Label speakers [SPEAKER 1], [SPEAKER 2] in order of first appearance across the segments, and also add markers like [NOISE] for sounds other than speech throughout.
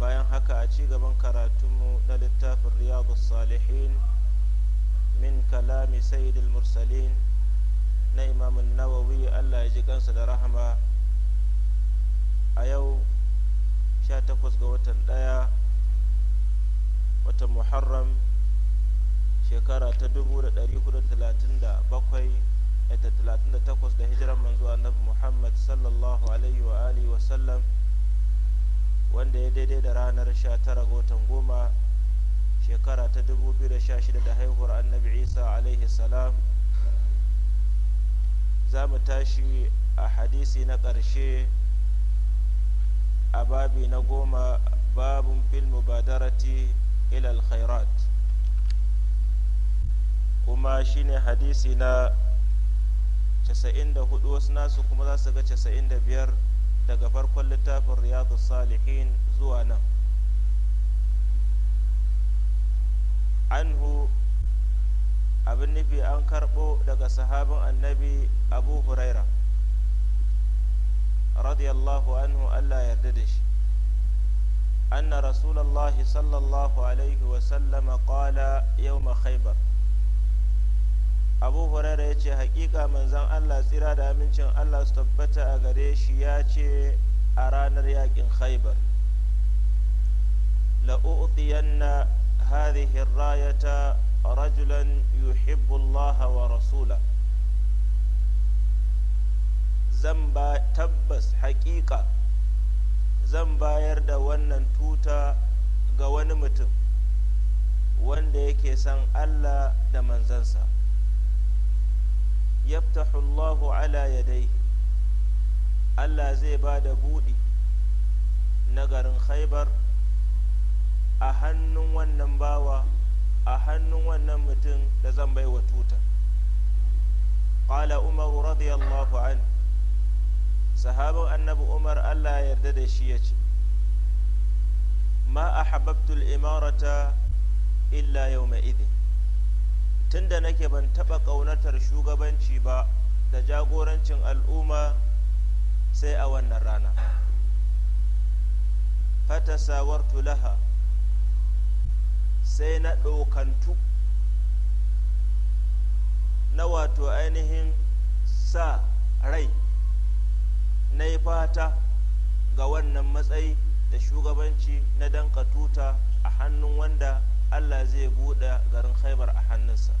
[SPEAKER 1] bayan haka a ci gaban karatunmu na littafin riyadu salihin min kalami sayyidul mursalin na imamun nawawi allah ya ji kansa da rahama a yau 18 ga watan ɗaya watan muharram shekara ta 1437 eh, da hijiran manzo annabi muhammad sallallahu alaihi wa alihi wasallam wanda ya daidai da ranar 19 ga watan goma shekara ta 2016 da haihuwar annabi isa alaihi salam za mu tashi a hadisi na ƙarshe a babi na goma babin fil mubadarati ilal khairat kuma shi ne hadisi na 94 wasu nasu kuma za su ga 95 daga farkon littafin riyadu salihin zuwa nan anhu abin nufi an karɓo daga sahabin annabi abu huraira radiyallahu anhu allah yarda da shi anna rasulallahi sallallahu alaihi wasallama qala yau khaybar abu hurairah ya ce hakika manzan allah tsira da amincin allah su tabbata a gare shi ya ce a ranar yakin khaibar na hadhihi rayata rajulan yuhibbu allaha wa rasula zan ba tabbas haƙiƙa zan bayar da wannan tuta ga wani mutum wanda yake san allah da manzansa yaftahu Allahu ala yadai Allah zai ba da buɗi na garin khaibar a hannun wannan bawa a hannun wannan mutum da zan bai wa tuta qala umaru radiyallahu an sahabin annabi umar Allah ya yarda da shi ya ce ma ahabbtu al-imarata illa yawma idin tunda nake ban taɓa ƙaunatar shugabanci ba da jagorancin al'umma sai a wannan rana fata sawartu laha sai na ɗaukantu na wato ainihin sa rai na yi fata ga wannan matsayi da shugabanci na danka tuta a hannun wanda allah zai buɗe garin khaibar a hannunsa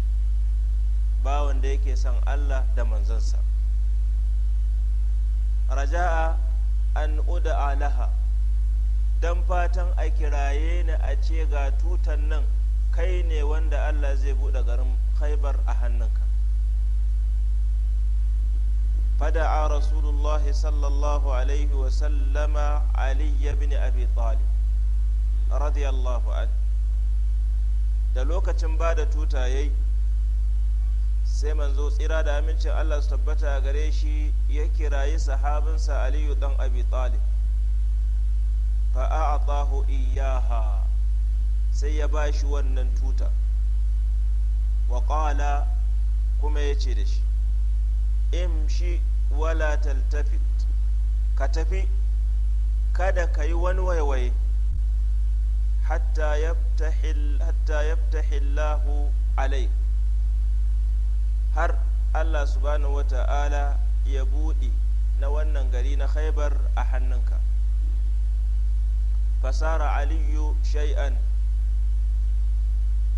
[SPEAKER 1] bawan da yake son allah da manzansa raja'a an uda alaha don fatan a kiraye ni a ce ga tutan nan kai ne wanda allah zai buɗe garin khaibar a hannunka fada'a rasulullah sallallahu alaihi wasallama aliyu bin abi talib radiyallahu anhu da lokacin ba da tuta yayi sai manzo tsira da amincin Allah su tabbata gare shi ya kirayi sahabinsa Aliyu dan Abi Talib fa a'atahu iyyaha sai ya ba shi wannan tuta wa qala kuma ya ce da shi imshi wala taltafit ka tafi kada ka yi wani waiwaye hatta yaftahi Allahu alai har Allah subhanahu ya buɗe na wannan gari na khaibar a hannunka fasara aliyu shai'an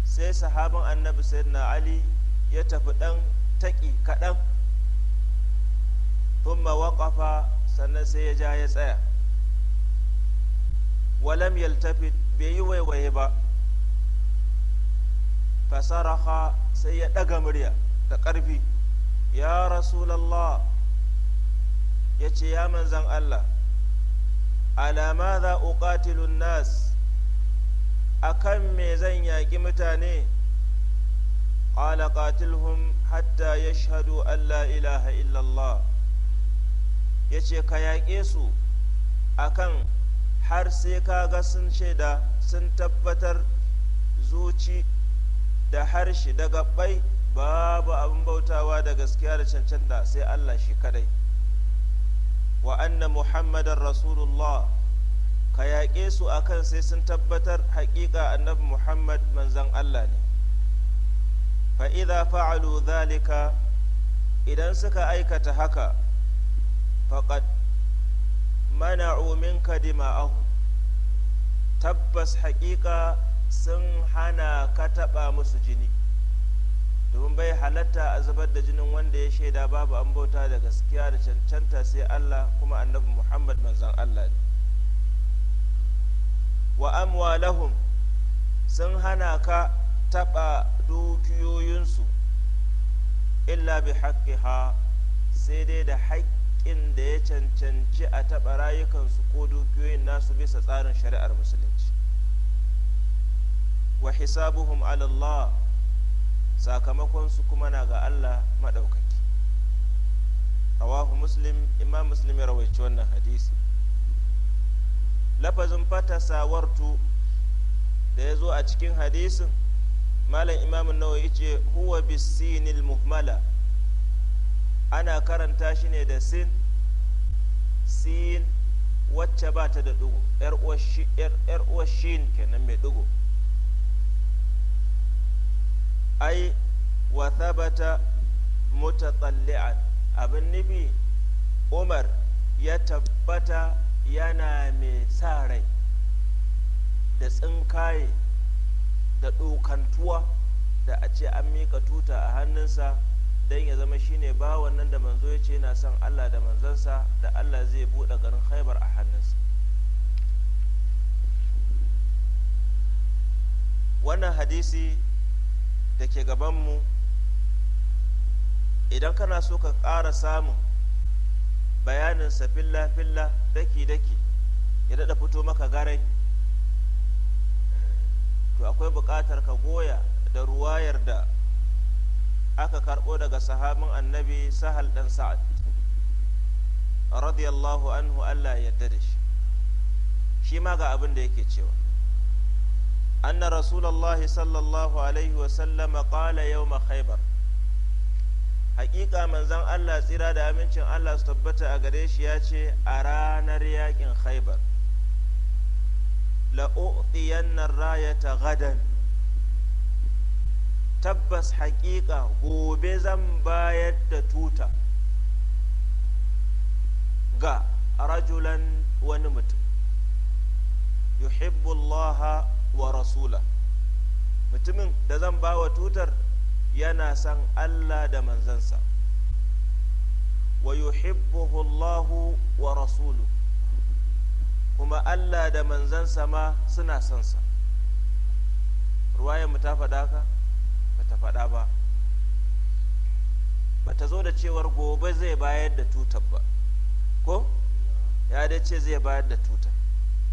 [SPEAKER 1] sai sahaban annabi sayyidina ali ya tafi ɗan taƙi kaɗan thumma waƙafa sannan sai ya ja ya tsaya walam yaltafit bai yi waiwaye ba fasaraha sai ya ɗaga murya da ƙarfi ya rasulallah ya ce ya manzan allah alama za uqatilun nas akan me zan yaƙi mutane قال قاتلهم حتى يشهدوا أن Ya ce ka الله su a kan. har sai ka ga sun shaida sun tabbatar zuci da harshe daga bai babu abin bautawa da gaskiya da cancanta sai Allah shi kadai wa anna muhammadar rasulullah ka yaƙe su akan sai sun tabbatar haƙiƙa annabi muhammad manzan Allah ne fa'iza fa'alu zalika idan suka aikata haka faƙad mana'u kadima ahu tabbas haƙiƙa sun hana ka taɓa musu jini domin bai halatta a zubar da jinin wanda ya shaida babu an bauta da gaskiya da cancanta sai Allah kuma annabi Muhammad manzan Allah ne wa amwalahum sun hana ka taɓa dukiyoyinsu illa bi haqqiha sai dai da haƙƙin da ya cancanci a taɓa rayukansu ko dukiyoyin nasu bisa tsarin shari'ar musulmi wa hisabuhum ala Allah sakamakonsu kuma na ga Allah maɗaukaki rawahu muslim imam muslim ya rawaici wannan hadisi lafazin fata sawartu da ya zo a cikin hadisin malam imamun nawa ya ce huwa bisinil muhmala ana karanta shi ne da sin sin wacce ba ta da ɗigo 'yar uwashin shin kenan mai ɗigo ai wa thabata mutatalli'an abin nufi umar ya tabbata yana mai sa rai da tsinkaye da dokantuwa da a ce an mika tuta a hannunsa don ya zama shine bawan nan da manzo ya ce yana son allah da manzansa da allah zai buɗe garin haibar a hannunsa wannan hadisi da ke gabanmu idan kana so ka ƙara samun sa filla-filla daki-daki ya daɗa fito maka garai to akwai buƙatar ka goya da ruwayar da aka karɓo daga sahabin annabi sahal ɗan sa'ad radiyallahu anhu allah ya yarda da shi shi ma ga abin da yake cewa أن رسول الله صلى الله عليه وسلم قال يوم خيبر حقيقة من زن الله سيرا دا أمنشن الله استبت أغريش ياتي أرانا رياك خيبر لأؤتين الراية غدا tabbas haƙiƙa gobe zan bayar da tuta ga rajulan wani mutum yuhibbullaha wa rasula mutumin da zan ba wa tutar yana san Allah da manzansa wa yuhibbuhu Allah wa rasulu kuma Allah da manzansa ma suna sa ruwayan mu ta faɗa ka ba ta faɗa ba ba ta zo da cewar gobe zai bayar da tutar ba ko ya dace zai bayar da tutar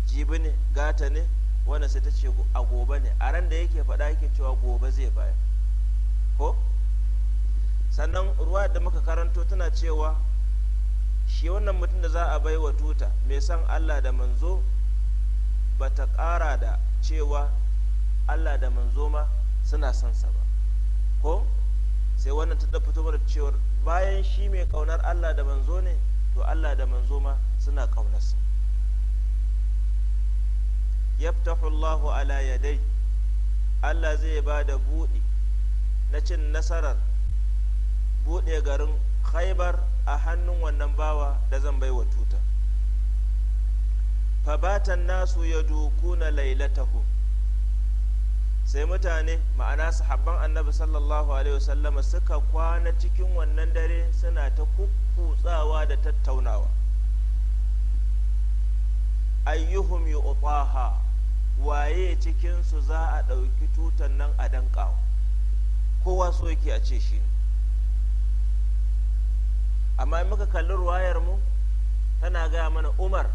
[SPEAKER 1] jibi ne gata ne wanda sai ta ce a gobe ne a ran da yake faɗa yake cewa gobe zai bayar ko sannan ruwa da muka karanto tana cewa shi wannan mutum da za a bai wa tuta mai san allah da manzo ba ta ƙara da cewa allah da manzo ma suna son sa ba ko sai wannan ta da fito da cewar bayan shi mai ƙaunar allah da manzo ne to allah da manzo ma suna ƙaunarsa yaftahu Allahu ala yadai Allah zai ba da buɗi na cin nasarar buɗe garin khaibar a hannun wannan bawa da zan bai wa tuta fabatan nasu ya dukuna lailatahu sai mutane ma'ana sahabban annabi sallallahu alaihi wasallam suka kwana cikin wannan dare suna ta kukkutsawa da tattaunawa ayyuhum yu'taha waye cikinsu za a ɗauki tutan nan a danƙawa kowa so yake a ce shi ne amma muka kalli ruwayar mu tana gaya mana umar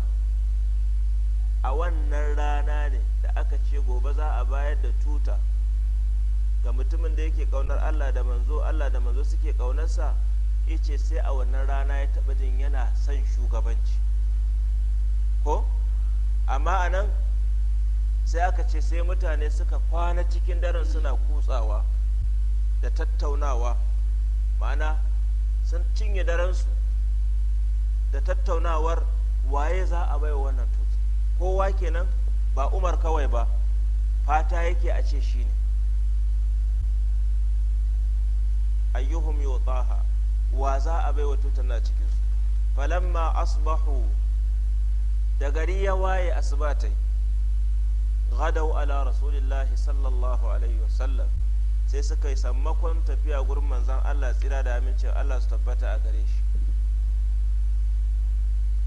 [SPEAKER 1] a wannan rana ne da aka ce gobe za a bayar da tuta ga mutumin da yake kaunar allah da manzo allah da manzo suke kaunarsa ce sai a wannan rana ya taɓa jin yana son shugabanci ko amma a nan sai aka ce sai mutane suka kwana cikin daren suna kutsawa da tattaunawa ma'ana sun cinye darensu da tattaunawar waye za a baiwa wannan tutu kowa kenan ba umar kawai ba fata yake a ce shi ne ayyuhum yutaha wa za a baiwa tutar na cikinsu falamma asbahu da gari ya waye asibatai gadau ala rasulillahi sallallahu alaihi wasallam sai suka yi sammakon tafiya gurin manzan allah tsira da amincin allah su tabbata a gare shi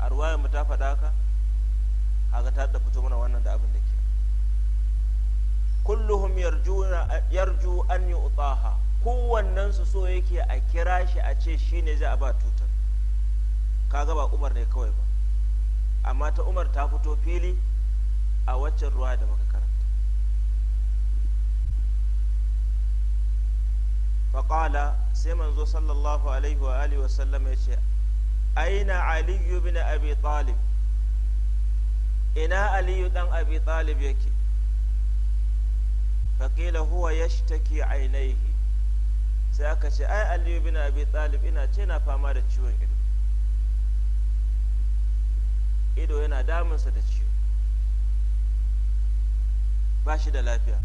[SPEAKER 1] a ruwayar mu ta faɗa haka haka ta da fito mana wannan da abin da ke kulluhum yarju an yi utaha kowannen su so yake a kira shi a ce shine za a ba tutar kaga ba umar ne kawai ba amma ta umar ta fito fili a waccan ruwa da muka karanta faƙala sai manzo sallallahu alaihi wa alihi wa sallam ya ce aina aliyu bin abi talib ina aliyu dan abi talib yake faƙila huwa ya shtaki ainihi sai aka ce ai aliyu bin abi talib ina ce na fama da ciwon ido ido yana damunsa da ciwo ba shi da lafiya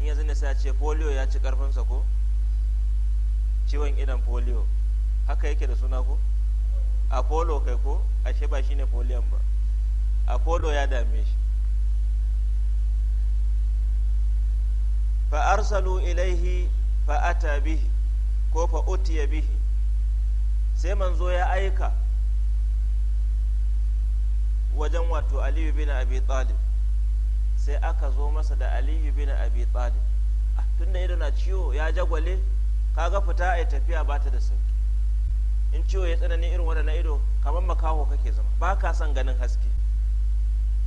[SPEAKER 1] in yanzu ne sai ya ce polio ya ci karfinsa ko ciwon idan polio haka yake da suna ko apollo kai ko ashe ba shi ne polion ba apollo ya dame shi fa arsalu ilaihi fa'ata bihi ko fa ya bihi sai manzo ya aika wajen wato aliyu bin abi talib sai aka zo masa da aliyu bin abi talib ah, tunda ido na ciwo ya jagwale kaga fita a tafiya ba ta da sauki in ciwo ya tsanani irin wanda na ido kamar makaho kake zama ba ka son ganin haske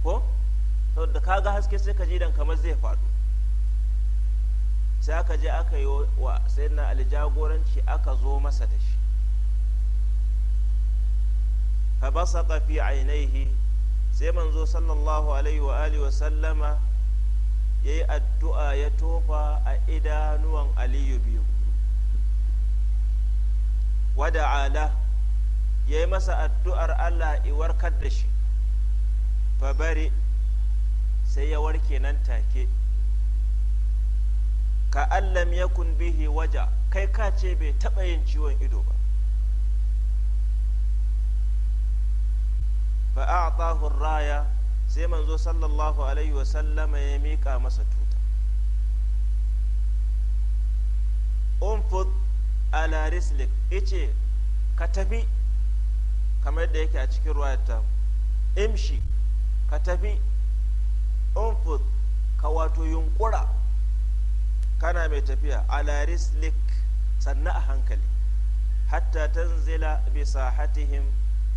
[SPEAKER 1] ko saboda kaga haske sai ka ji dan kamar zai faɗo sai aka je aka yi wa sai ali jagoranci aka zo masa da shi fa basata fi ainihi sai manzo sallallahu alaihi wa alihi sallama ya addu'a ya tofa a idanuwan aliyu biyu wada ala ya yi masa addu'ar allah warkar da shi fa bari sai ya warke nan take ka allam yakun bihi waja kai ka ce bai taɓa yin ciwon ido ba fa'atahu raya sai manzo sallallahu alaihi wasallama ya miƙa masa tuta umfud ala rislik ice ka tafi kamar da yake a cikin ruwayata imshi ka tafi umfud ka wato yunkura kana mai tafiya ala rislik sannan a hankali hatta tanzila bi sahatihim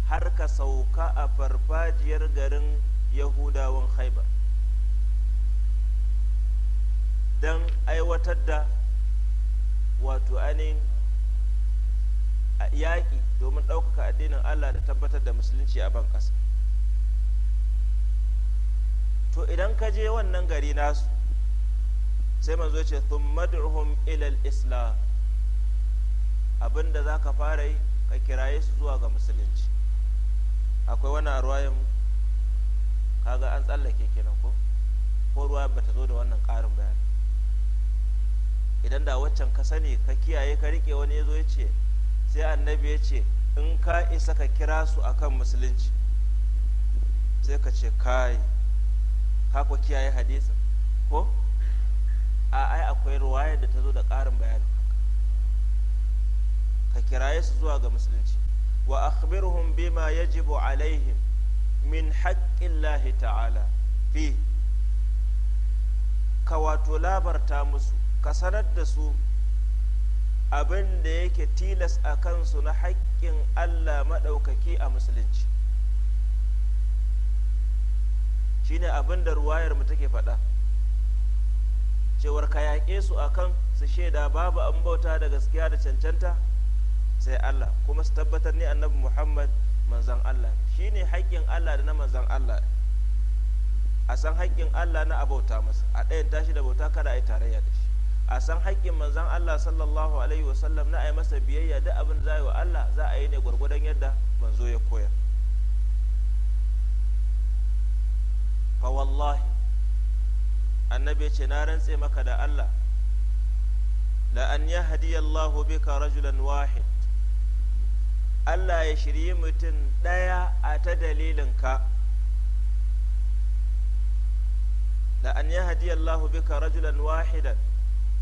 [SPEAKER 1] har ka sauka a farfajiyar garin yahudawan haibar don aiwatar da wato ainihin yaƙi domin ɗaukaka addinin allah da tabbatar da musulunci a ban ƙasa to idan ka je wannan gari nasu sai manzo ce thummad'uhum ilal islam abinda za ka fara yi ka kiraye su zuwa ga musulunci akwai wani a kaga an tsallake kenan ko ko ruwa ba ta zo da wannan ƙarin bayani idan da waccan ka sani ka kiyaye ka riƙe wani ya zo ya ce sai annabi ya ce in ka isa ka kira su akan musulunci sai ka ce kai ka ku kiyaye hadisi ko a ai akwai ruwayar da ta zo da ƙarin bayani ka kiraye su zuwa ga musulunci wa akhbirhum bima yajibu alaihim min haƙƙillahi ta'ala fi ka wato labarta musu ka sanar da su abin da yake tilas a kansu na haƙƙin Allah maɗaukaki a musulunci shine abin da ruwayar mu take faɗa cewar ka yaƙe su akan su shaida babu an bauta da gaskiya da cancanta sai Allah kuma su tabbatar ni annabi Muhammad manzan Allah shine haƙƙin Allah da na manzan Allah a san haƙƙin Allah na abauta masa a ɗayan tashi da bauta kada a yi tarayya da shi a san haƙƙin manzan Allah sallallahu alaihi wasallam na a yi masa biyayya da abin za wa Allah za a yi ne gwargwadon yadda manzo ya koyar fa wallahi annabi ce na rantse maka da Allah la an yahdi Allahu bika rajulan wahid Allah ya shirye mutum ɗaya a ta dalilinka da an yi Allah bika rajulan wahidan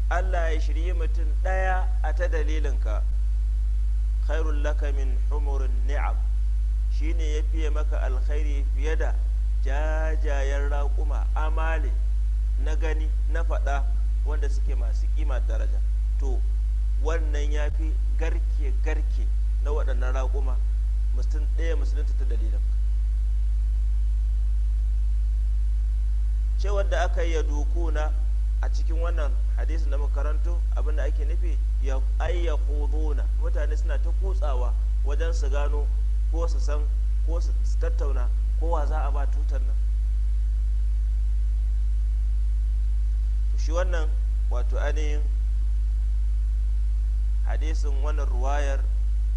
[SPEAKER 1] Allah ya shirye mutum ɗaya a ta dalilinka khairun laka min humurin ni'am shi ne ya fiye maka alkhairi fiye da jajayen raƙuma amale na gani na faɗa wanda suke masu ƙima daraja to wannan ya fi garke-garke na waɗannan raƙuma mutum ɗaya musulunta ta dalilin cewar da aka yi ya dukuna a cikin wannan hadisin da makarantu abinda ake nufi ya ayya kuduna mutane suna ta kutsawa wajen su gano ko su san ko su tattauna kowa za a ba tutar nan shi wannan wato ainihin hadisin wannan ruwayar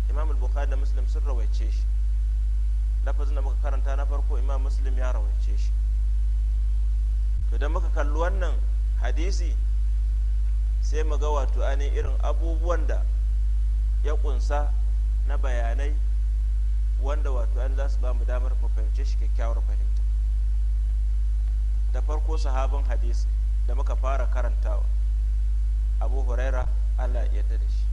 [SPEAKER 1] imam bukhari da muslim sun rawaice shi lafazin da muka karanta na farko imam muslim ya rawaice shi to da muka kalli wannan hadisi sai mu ga wato ani irin abubuwan da ya kunsa na bayanai wanda wato an za su ba mu damar mu fahimce shi kyakkyawar fahimta da farko sahaban hadisi da muka fara karantawa abu huraira allah ya da shi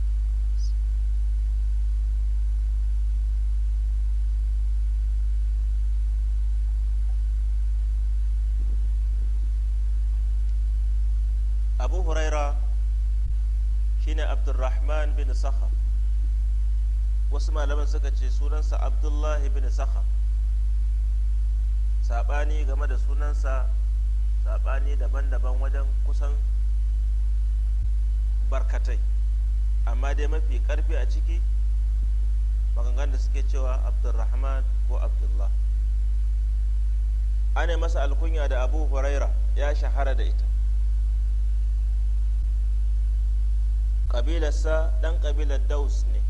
[SPEAKER 1] abu huraira shine abdurrahman bin sakhar wasu malaman suka ce sunansa abdullahi bin sakhar saɓani game da sunansa saɓani daban-daban wajen kusan barkatai amma dai mafi ƙarfi a ciki magangan da suke cewa abdulrahman ko abdullah ana masa alkunya da abu huraira ya shahara da ita ƙabilarsa ɗan ƙabilar daus ne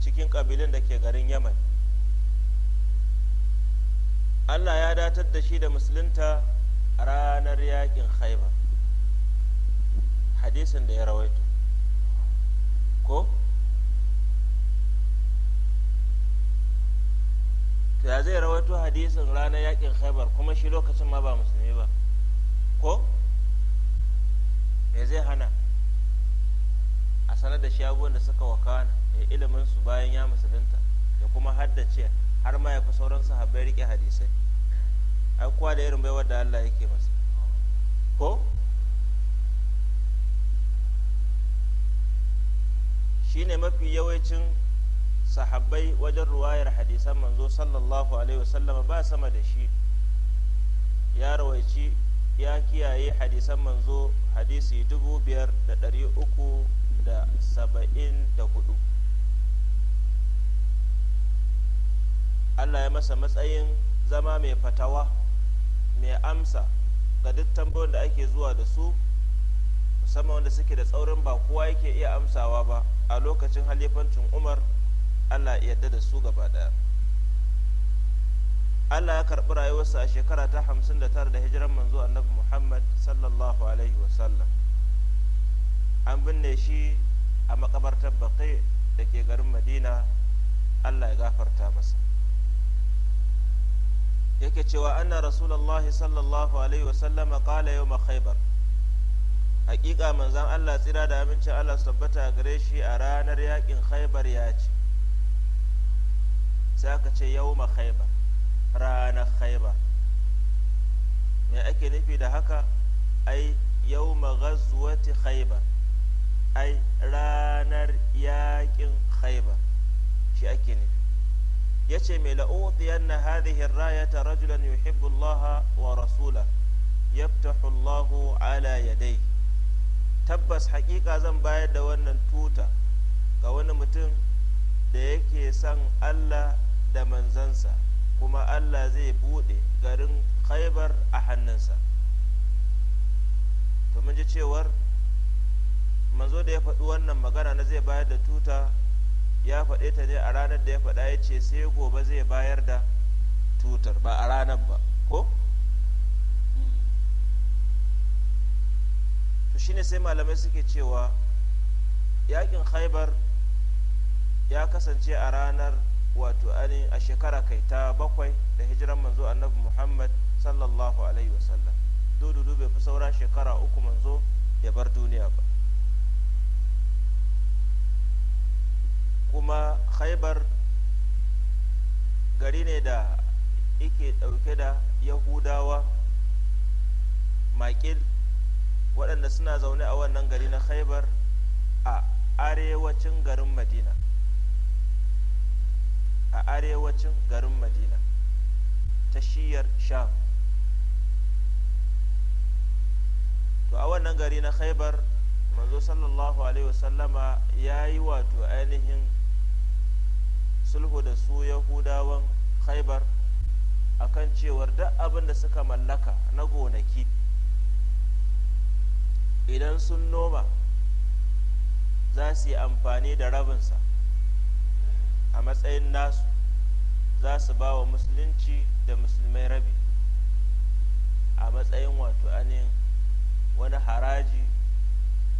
[SPEAKER 1] cikin ƙabilun da ke garin yaman allah ya datar da shi da musulunta a ranar yakin haiba hadisin da ya rawaito ko ya zai rawaito hadisin ranar yakin haibar kuma shi lokacin ma ba musulmi ba ko me zai hana sanar da shi abubuwan da suka wakana ya ilimin su bayan ya musulunta ya kuma haddace har ma ya fi sauran sahabbai rike hadisai ai kowa da irin baiwar da Allah yake masa ko shine mafi yawancin sahabbai wajen ruwayar hadisan manzo sallallahu alaihi sallama ba sama da shi ya rawaici ya kiyaye hadisan manzo hadisi dubu biyar da ɗari uku da saba'in da hudu allah ya masa matsayin zama mai fatawa mai amsa ga duk tambayoyin da ake zuwa da su musamman wanda suke da tsaurin ba kowa yake iya amsawa ba a lokacin halifancin umar allah ya yarda da su gaba daya allah ya karɓi rayuwarsa a shekara ta 59 da hijiran manzo annabi muhammad sallallahu alaihi wasallam an binne shi a makabartar baƙi da ke garin madina allah ya gafarta masa yake cewa anna rasulullahi sallallahu alaihi wasallama kala yau khaybar hakika manzan allah tsira da amincin allah su tabbata gare shi a ranar yakin khaibar ya ce sai aka ce yau khaybar ranar khaibar me ake nufi da haka ai yau ghazwati khaibar. ai ranar yakin khaibar shi ake ne. ya ce mai la'uɗiyan na hadihin rayata rajulan yuhibbu Allah wa rasula yaftahu Allah ala yadai tabbas hakika zan bayar da wannan tuta ga wani mutum da yake son Allah da manzansa kuma Allah zai buɗe garin khaibar a hannunsa to mun ji cewar manzo da ya faɗi wannan magana na zai bayar da tuta ya faɗe ta ne a ranar da ya faɗa ya ce sai gobe zai bayar da tutar ba a ranar ba ko to shine sai malamai suke cewa yakin khaibar ya kasance a ranar wato ani a shekara kai ta bakwai da hijiran manzo annabi muhammad sallallahu alaihi wasallam dudu bai fi saura shekara uku manzo ya bar duniya ba kuma khaibar gari ne da yake ɗauke da yahudawa makil waɗanda suna zaune a wannan gari na khaibar a arewacin garin madina a arewacin garin madina ta shiyar sham to a wannan gari na khaibar manzo sallallahu alaihi wasallama ya yi wato ainihin sulhu da su yahudawan khaibar akan cewar duk abin da suka mallaka na gonaki idan sun noma za su yi amfani da rabinsa a matsayin nasu za su ba wa musulunci da musulmai rabi a matsayin wato anin wani haraji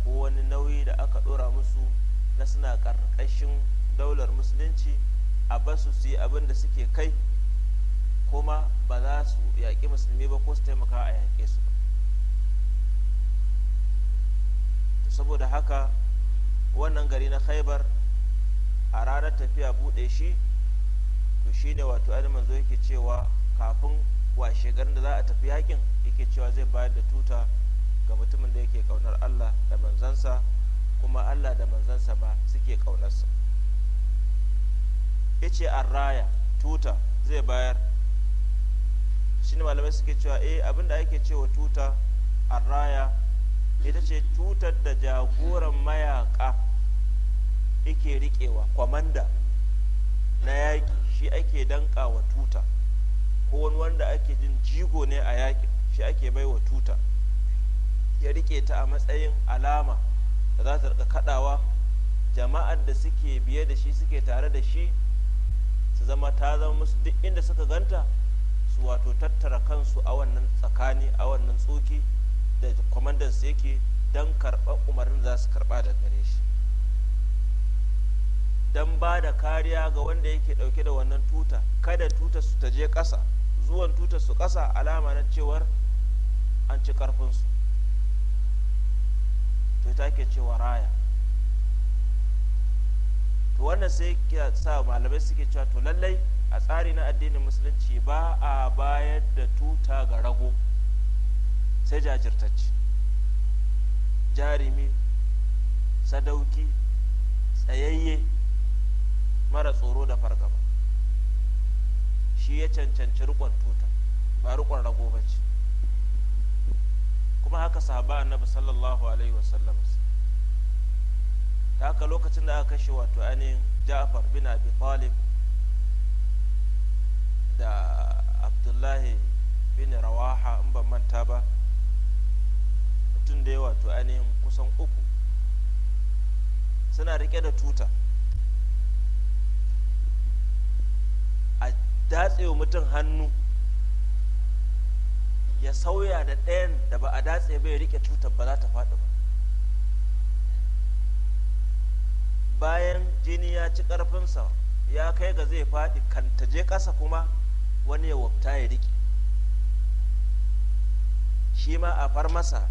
[SPEAKER 1] ko wani nauyi da aka dora musu na suna ƙarƙashin daular musulunci a basu su yi abin da suke kai kuma ba za su yaƙi musulmi ba ko su taimaka a yaƙe su saboda haka wannan gari na khaibar a ranar tafiya buɗe shi to shi da wato ainihin manzo yake cewa kafin washe garin da za a tafi yakin yake cewa zai bayar da tuta ga mutumin da yake ƙaunar allah da manzansa kuma allah da manzansa ba suke ƙaunarsa ice ce raya tuta zai bayar shi ne malamai suke cewa eh da ake cewa tuta raya ita ce tutar da jagoran mayaka ike riƙewa kwamanda na yaƙi shi ake wa tuta ko wani wanda ake jin jigo ne a yaƙi shi ake baiwa tuta ya riƙe ta a matsayin alama da za ta riƙa kaɗawa jama'ar da suke biye da shi suke tare da shi zama ta zama musu duk inda suka ganta su wato tattara kansu a wannan tsakani a wannan tsoki da su yake don karɓar umarnin za su karɓa da gare shi don ba da kariya ga wanda yake ɗauke da wannan tuta kada tuta su ta je ƙasa zuwan tuta su ƙasa alama na cewar an ci ƙarfinsu to ta ke cewa raya to wannan sai ya sa malamai suke cewa to lallai a tsari na addinin musulunci ba a bayar da tuta ga rago sai jajirtacci jarimi sadauki tsayayye mara tsoro da fargaba shi ya cancanci rikon tuta ba rikon rago ba ce kuma haka sahaba annabi sallallahu alaihi wasallam da haka lokacin da aka kashe wato ainihin ja'far bin abi talib da abdullahi bin rawaha in ban manta ba mutum da ya wato ainihin kusan uku suna rike da tuta a datsewa mutum hannu ya sauya da ɗayan da ba a datse ya rike tutar ba za ta faɗi ba bayan jini ya ci ƙarfinsa ya kai ga zai faɗi kantaje ƙasa kuma wani ya wabta ya riƙe shi ma a far masa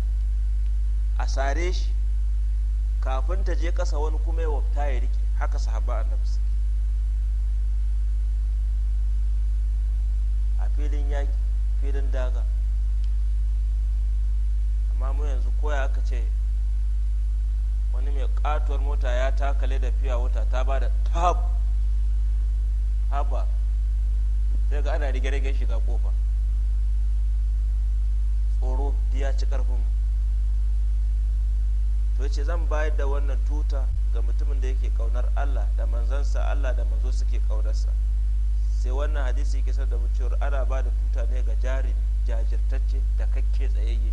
[SPEAKER 1] a sare shi kafin ta je ƙasa wani kuma ya wabta ya riƙe haka sahaba a su a filin yaƙi filin daga amma mu yanzu koya aka ce wani mai katuwar mota ya takale da fiya wata ta ba da tab haba sai ga ana rige-rige shiga kofa tsoro ya ci karfin to ce zan bayar da wannan tuta ga mutumin da yake kaunar allah da manzansa allah da manzo suke kaunarsa sai wannan hadisi yake sanar da mutuwar ana ba da tuta ne ga jarin jajirtacce da kakke tsayayye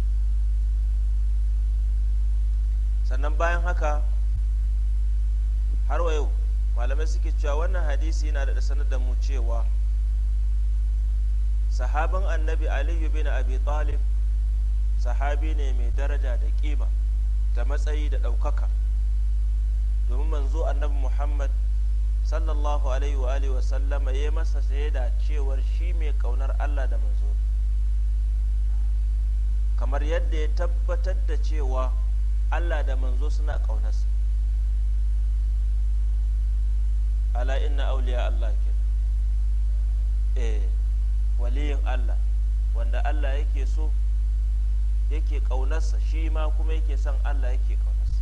[SPEAKER 1] sannan bayan haka har wa yau malamai suke cewa wannan hadisi yana da sanar da mu cewa sahabin annabi aliyu bin abi talib sahabi ne mai daraja da kima da matsayi da ɗaukaka domin manzo annabi muhammad sallallahu alaihi wa alihi wasallama ya masa shaida cewar shi mai ƙaunar allah da manzo kamar yadda ya tabbatar da cewa Allah da manzo suna ƙaunarsa ala inna auliya Allah ke eh waliyin Allah wanda Allah yake so yake ƙaunarsa shi ma kuma yake son Allah yake ƙaunarsa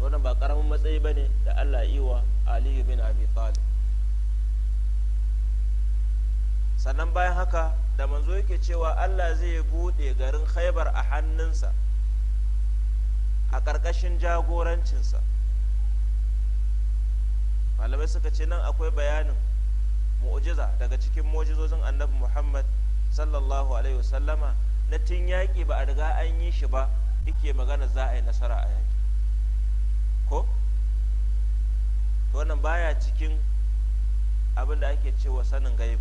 [SPEAKER 1] wannan ba ƙaramin matsayi bane da Allah yiwa Ali Aliyu bin Abi Talib sannan bayan haka da manzo yake cewa Allah zai buɗe garin khaibar a hannunsa a ƙarƙashin jagorancinsa malamai suka ce nan akwai bayanin mu'jiza daga cikin mu'jizozin annabi muhammad sallallahu alaihi wasallama na tun yaƙi ba a riga an yi shi ba yake magana za a yi nasara a yaki ko wannan baya cikin abin da ake cewa sanin gaibu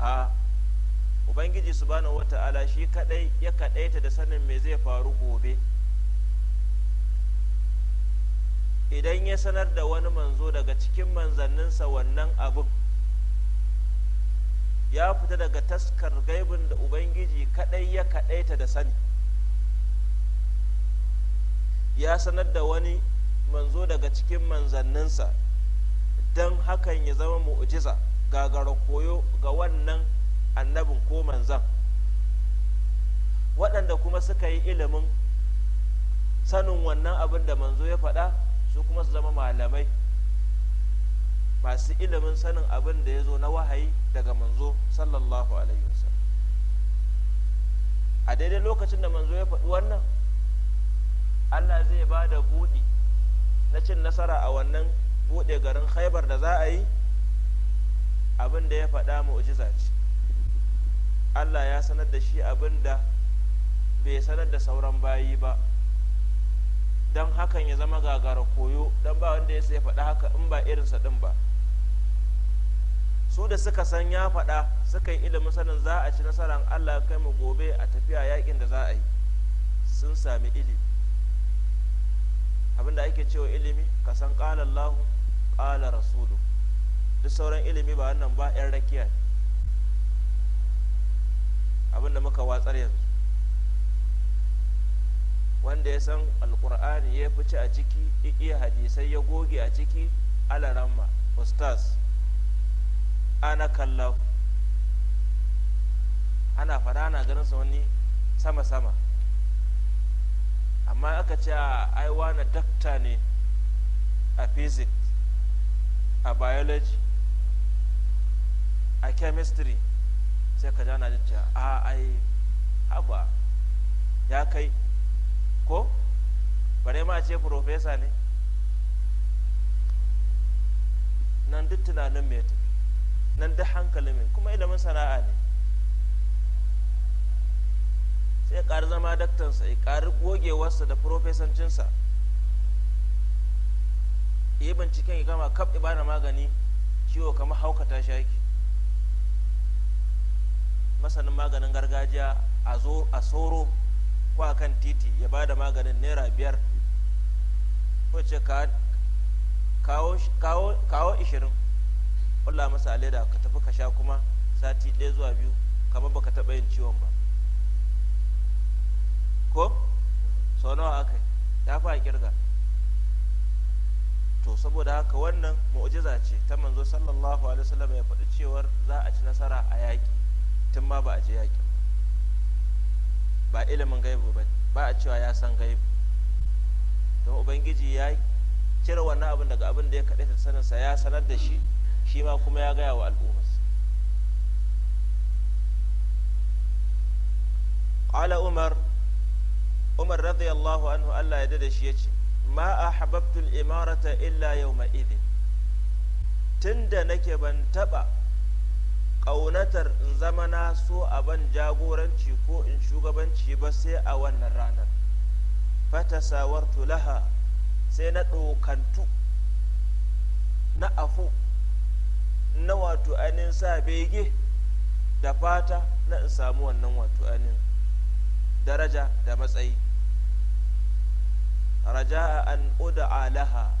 [SPEAKER 1] a ubangiji subhanahu wata'ala shi kadai ya kadaita da sanin me zai faru gobe idan ya sanar da wani manzo daga cikin manzanninsa wannan abin ya fita daga taskar gaibin da ubangiji kadai ya kadaita da sani ya sanar da wani manzo daga cikin manzanninsa don hakan ya zama mu'jiza gagara koyo ga wannan annabin ko manzan waɗanda kuma suka yi ilimin sanin wannan abin da manzo ya faɗa su kuma su zama malamai masu ilimin sanin abin da ya zo na wahayi daga manzo sallallahu alaihi a daidai lokacin da manzo ya faɗi wannan allah zai ba da buɗi na cin nasara a wannan buɗe garin khaibar da za a yi abin da ya faɗa mu'jiza ce Allah ya sanar da shi abin da bai sanar da sauran bayi ba don hakan ya zama gagara koyo don ba wanda ya sai faɗa haka in ba irinsa ɗin ba su da suka san ya faɗa suka yi ilimin sanin za a ci nasarar Allah kai mu gobe a tafiya yakin da za a yi sun sami ilimi abinda ake cewa ilimi ka san ƙala Allahu ƙala rasulu duk sauran ilimi ba wannan ba 'yan rakiya ne abin muka watsar yanzu wanda ya san alkur'ani ya ci a ciki iya hadisai ya goge a ciki alaramma ustaz ana kallau ana fada ana ganin wani sama-sama amma aka ce a aiwa na dakta ne a physics a biology a chemistry sai ka jana jin cewa a ai haba ya kai ko bare ma ce profesa ne nan duk tunanin mai tafi nan duk hankali mai kuma ilimin sana'a ne sai ƙari zama daktansa ya ƙari gogewarsa da profesancinsa yi binciken ya gama kaf ibada magani ciwo kamar haukata shaki masanin maganin gargajiya a soro ko a kan titi ya ba da maganin naira biyar ko ce kawo ishirin kulla masa leda ka tafi ka sha kuma sati ɗaya zuwa biyu kamar baka taɓa yin ciwon ba ko sau nawa aka ya fi a kirga to saboda haka wannan mu'jiza ce ta manzo sallallahu alaihi wasallam ya faɗi cewar za a ci nasara a yaƙi tun ma ba a je yaƙi ba ilimin gaibu ba ba a cewa ya san gaibu don ubangiji ya kira wannan abin daga abin da ya kaɗaita saninsa ya sanar da shi shi ma kuma ya gaya wa al'ummarsa ƙala umar umar radiyallahu anhu allah ya da shi ya ce ma a hababtul imarata illa yau ma'idin tunda da nake ban taɓa ƙaunatar in zama na so a ban jagoranci ko in shugabanci ba sai a wannan ranar fata sawartu laha sai na ɗokantu na afu na wato ainihin sa bege da fata na in samu wannan wato ainihin daraja da matsayi raja an a alaha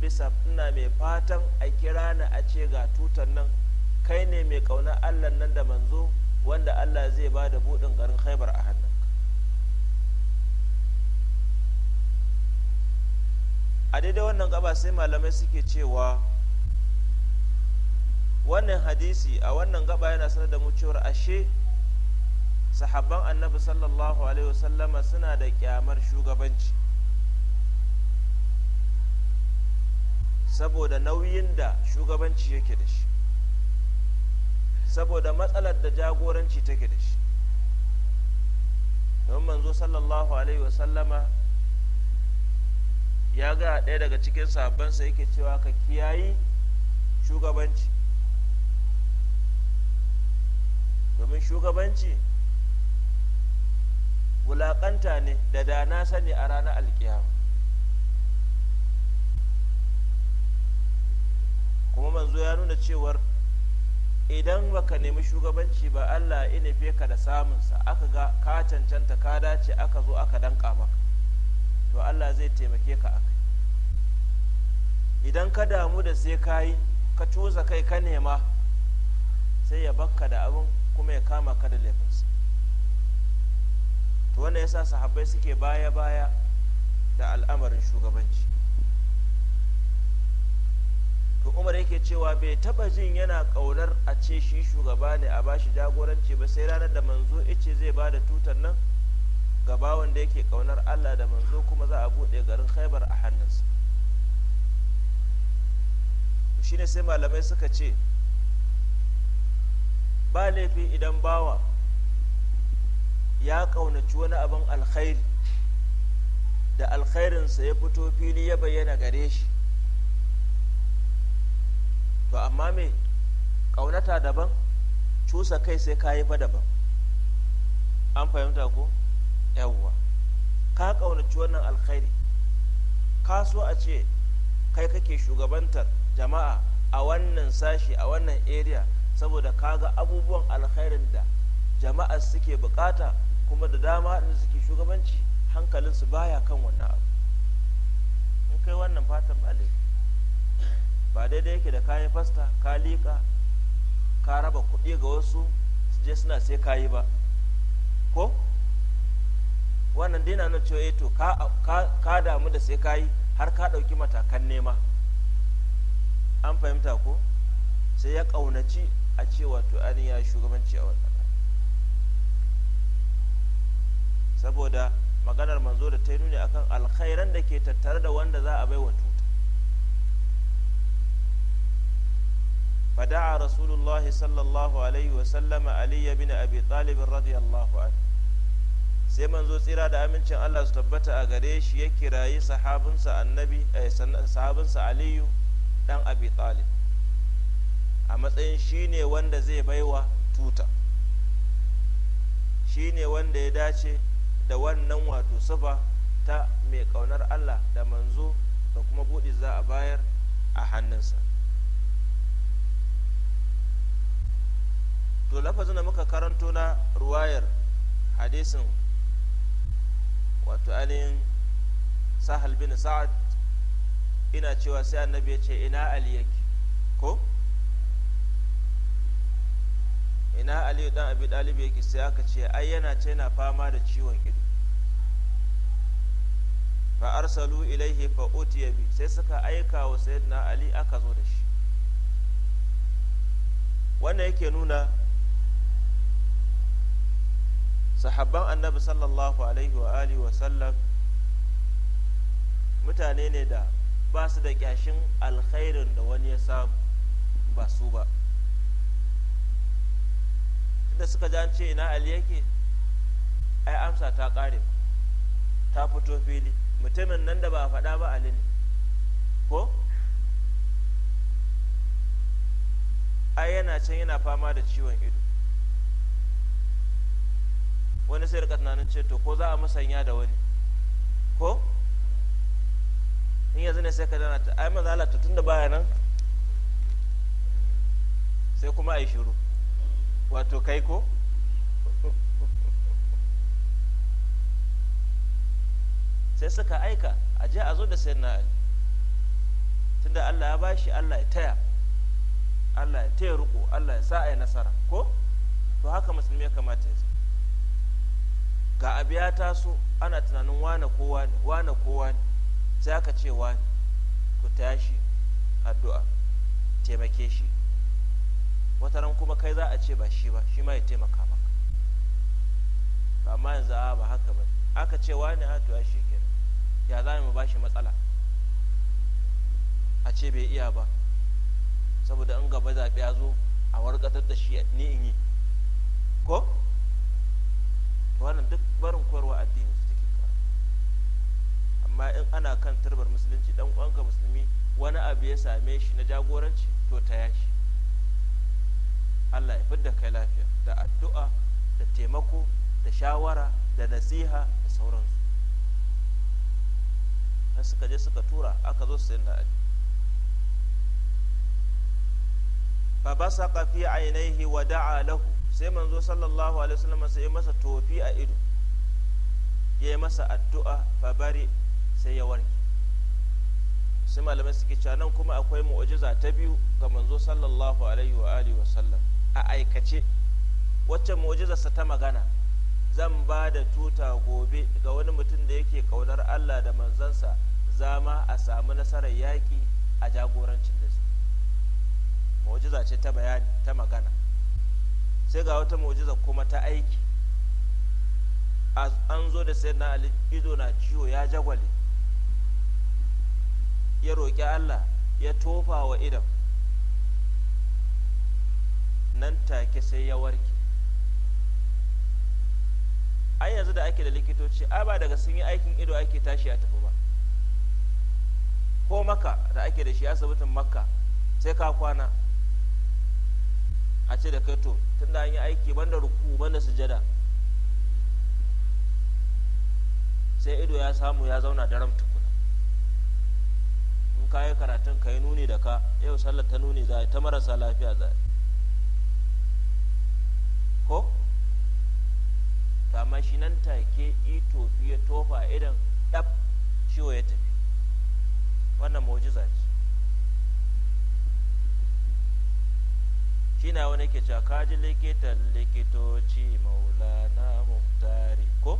[SPEAKER 1] bisa ina mai fatan a kira ni a ce ga tutar nan kai ne mai kauna allah nan da manzo wanda allah zai ba da buɗin garin khaibar a hannun a daidai wannan gaba sai malamai suke cewa wannan hadisi a wannan gaba yana sanar da mu cewar ashe sahabban annabi sallallahu alaihi wasallama suna da kyamar shugabanci saboda nauyin da shugabanci yake da shi saboda matsalar da jagoranci take da shi don manzo sallallahu alaihi wasallama ya ga ɗaya daga cikin sabansa yake cewa ka kiyayi shugabanci domin shugabanci wulaƙanta ne da dana sani a ranar alkiyama kuma manzo ya nuna cewar idan baka nemi shugabanci ba Allah ya nufe ka da samunsa aka ga ka cancanta ka dace aka zo aka danka maka to Allah zai taimake ka akai idan ka damu da sai ka yi ka cuza kai ka nema sai ya bakka da abin kuma ya kama ka da laifinsa to wannan yasa sahabbai suke baya-baya da al'amarin shugabanci to umar yake cewa bai taba jin yana kaunar a ce shi shugaba ne a bashi jagoranci ba sai ranar da manzo ice zai ba da tutar nan ga bawan da yake kaunar allah da manzo kuma za a buɗe garin khaibar a hannunsa shine sai malamai suka ce ba laifi idan bawa ya kaunaci wani abin alkhairi da alkhairinsa ya fito fili ya bayyana gare shi to amma me ƙaunata daban cusa kai sai ka yi fa daban an fahimta ko yawwa ka ƙaunaci wannan alkhairi ka so a ce kai kake shugabantar jama'a a wannan sashi a wannan area saboda ka ga abubuwan alkhairin da jama'a suke bukata kuma da dama da suke shugabanci hankalinsu baya kan wannan abu in kai wannan fatan ba laifi ba daidai yake da kayi fasta ka liƙa ka raba kuɗi ga wasu su je suna sai kayi ba ko wannan dina na cewa eh to ka damu da sai kayi har ka ɗauki matakan nema an fahimta ko sai ya ƙaunaci a cewa to an ya shugabanci a wannan saboda maganar manzo da ta yi nuni akan alkhairan da ke tattare da wanda za a bai wato فدعا رسول الله صلى الله عليه وسلم علي بن أبي طالب رضي الله عنه sai manzo tsira da amincin Allah su tabbata a gare shi ya kirayi sahabinsa annabi sahabinsa Aliyu dan Abi Talib a matsayin shine wanda zai baiwa tuta shine wanda ya dace da wannan wato sufa ta mai kaunar Allah da manzo da kuma buɗi za a bayar a hannunsa to lafazin da muka karanto na ruwayar hadisin wato alin sahal bin sa'ad ina cewa sai annabi ya ce ina ali ko ina aliyu dan abi dalibi yake sai aka ce ai yana ce yana fama da ciwon ido fa arsalu ilaihi fa utiya bi sai suka aika wa sayyidina ali aka zo da shi wannan yake nuna sahabban annabi sallallahu alaihi wa alihi wa sallam mutane ne da ba su da kyashin alkhairin da wani ya samu ba su ba tunda suka ji an ce ina ali yake ai amsa ta kare ta fito fili mutumin nan da ba a faɗa ba ali ne ko ai yana can yana fama da ciwon ido wani sai rika tunanin ce to ko za a musanya da wani ko in yanzu ne sai ka dana ta ai maza Allah tun da baya nan sai kuma a yi shiru wato kai ko [LAUGHS] sai suka aika a je a zo da sayan na'ali tunda Allah ya bashi Allah ya taya Allah ya taya ruku Allah ya sa a yi nasara ko to haka musulmi ya kamata ya ga abu ya taso ana tunanin wane kowa ne wane kowa ne sai aka ce wane ku tashi addu'a taimake shi wata ran kuma kai za a ce ba shi ba shi ma ya taimaka maka ma yanzu a ba haka ba aka ce wane addu'a shi ke ya za mu ba shi matsala a ce bai iya ba saboda in gaba zaɓe ya zo a warkatar da shi ni in yi ko wannan duk barin koyarwa addini su take kara amma in ana kan turbar musulunci dan uwanka musulmi wani abu ya same shi na jagoranci to ta yashi Allah ya fidda kai lafiya da addu'a da taimako da shawara da nasiha da sauransu har suka je suka tura aka zo su sayin da aji fa basaqa fi ainihi wa da'a lahu sai manzo sallallahu alaihi wasallam sai ya masa tofi a ido ya yi masa addu'a bari sai ya warke sai malamai suke cewa nan kuma akwai mu'ujiza ta biyu ga manzo sallallahu alaihi wa alihi wasallam a aikace wacce mu'ujizarsa ta magana zan ba da tuta gobe ga wani mutum da yake kaunar Allah da manzansa zama a samu nasarar yaƙi a jagorancin da su mu'ujiza ce ta bayani ta magana sai ga wata mu'jiza kuma ta aiki an zo da sai na ali ido na ciwo ya jagwale ya roƙi allah ya tofa wa idan nan take sai ya warke ai yanzu da ake da likitoci a ba daga sun yi aikin ido ake tashi a tafi ba ko maka da ake da shi asibitin makka sai ka kwana a ce da kai to tun da an yi aiki ban da ruku da sujada sai ido ya samu ya zauna daram tukuna in ka yi karatun ka yi nuni da ka yau sallar ta nuni za ta marasa lafiya za ko ta shi nan take ito fiye tofa idan ɗab ciwo ya tafi wannan mu'jiza ce wani ke cewa kaji likitan likitoci maulana muftari ko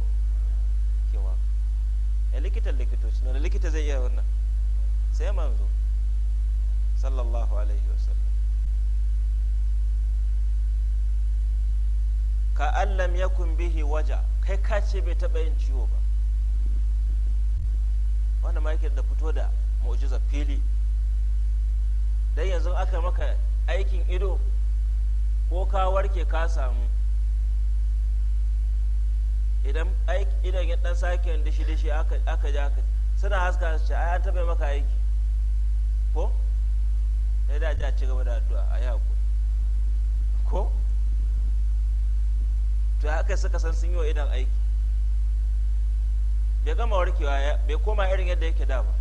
[SPEAKER 1] kewa ya eh, likitan likitoci na likita zai iya wannan sai manzo sallallahu alaihi wasallam ka allam yakun bihi waja kai ka ce bai taɓa yin ciwo ba wannan ma yake da fito da mu'jiza fili dan yanzu aka maka aikin ido ko ka warke ka samu idan idan ya dan sake dishi dishi aka ji aka suna haska su ce ai an taɓa maka aiki ko sai da ji a da addu'a a yi haƙuri ko to haka suka san sun yi wa idan aiki bai gama warkewa bai koma irin yadda yake da ba